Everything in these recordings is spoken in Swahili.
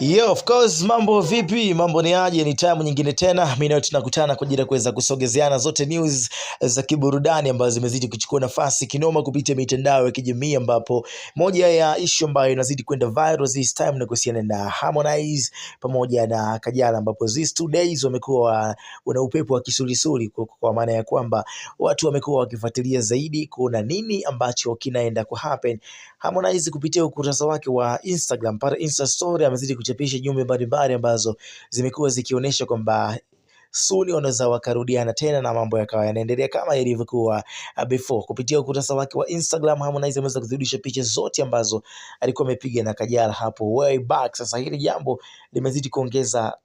Yo, of course, mambo vipi? Mambo ni aje? Ni time nyingine tena mimi nayo tunakutana kwa ajili ya kuweza kusogezeana zote news za kiburudani ambazo zimezidi kuchukua nafasi kinoma kupitia mitandao ya kijamii, ambapo moja ya issue ambayo inazidi kwenda viral this time ni kuhusiana na Harmonize pamoja na Kajala, ambapo these two days wamekuwa wana upepo wa kisulisuli, kwa maana ya kwamba watu wamekuwa wakifuatilia zaidi kuona nini ambacho kinaenda ku happen. Harmonize kupitia ukurasa wake wa Instagram para Insta story amezidi kuchapisha jumbe mbalimbali ambazo zimekuwa zikionyesha kwamba Suli wanaweza wakarudiana tena na mambo yakawa yanaendelea kama ilivyokuwa uh, before. Kupitia ukurasa wake wa Instagram, Harmonize ameweza kuzirudisha picha zote ambazo alikuwa amepiga na Kajala hapo way back. Sasa hili jambo limezidi kuongeza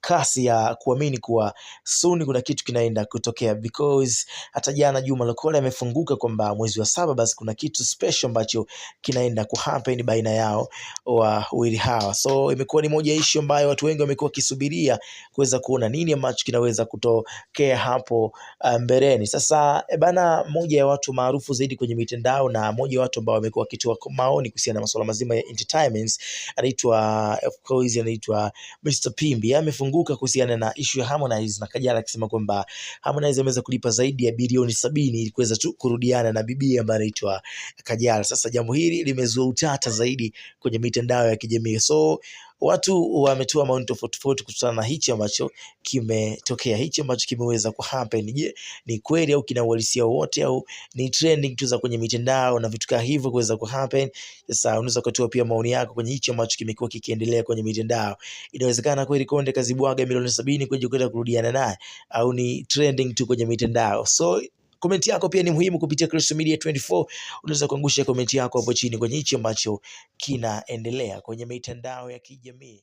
kasi ya kuamini kuwa suni kuna kitu kinaenda kutokea, because hata jana Juma Lokole amefunguka kwamba mwezi wa saba basi kuna kitu special ambacho kinaenda kuhappen baina yao wawili hawa. So imekuwa ni moja ishu ambayo watu wengi wamekuwa kisubiria kuweza kuona nini ambacho kinaweza kutokea hapo uh, mbeleni. Sasa eh, bana, moja ya watu maarufu zaidi kwenye mitandao na moja ya watu ambao wamekuwa wakitoa maoni kuhusiana na masuala mazima ya entertainments anaitwa of course, anaitwa Mr Pimbi alifunguka kuhusiana na ishu ya Harmonize na Kajala akisema kwamba Harmonize ameweza kulipa zaidi ya bilioni sabini ili kuweza tu kurudiana na bibi ambaye anaitwa Kajala. Sasa jambo hili limezua utata zaidi kwenye mitandao ya kijamii so watu wametoa maoni tofauti tofauti kutokana na hichi ambacho kimetokea, hichi ambacho kimeweza ku happen. Je, ni kweli au kina uhalisia wote au ni trending tu za kwenye mitandao na vitu kama hivyo kuweza ku happen? Sasa unaweza kutoa pia maoni yako kwenye hichi ambacho kimekuwa kikiendelea kwenye mitandao. Inawezekana kweli Konde kazibwaga milioni sabini kwenye kwenda kurudiana naye au ni trending tu kwenye mitandao? So Komenti yako pia ni muhimu kupitia Kristo Media 24. Unaweza kuangusha komenti yako hapo chini kwenye hichi ambacho kinaendelea kwenye mitandao ya kijamii.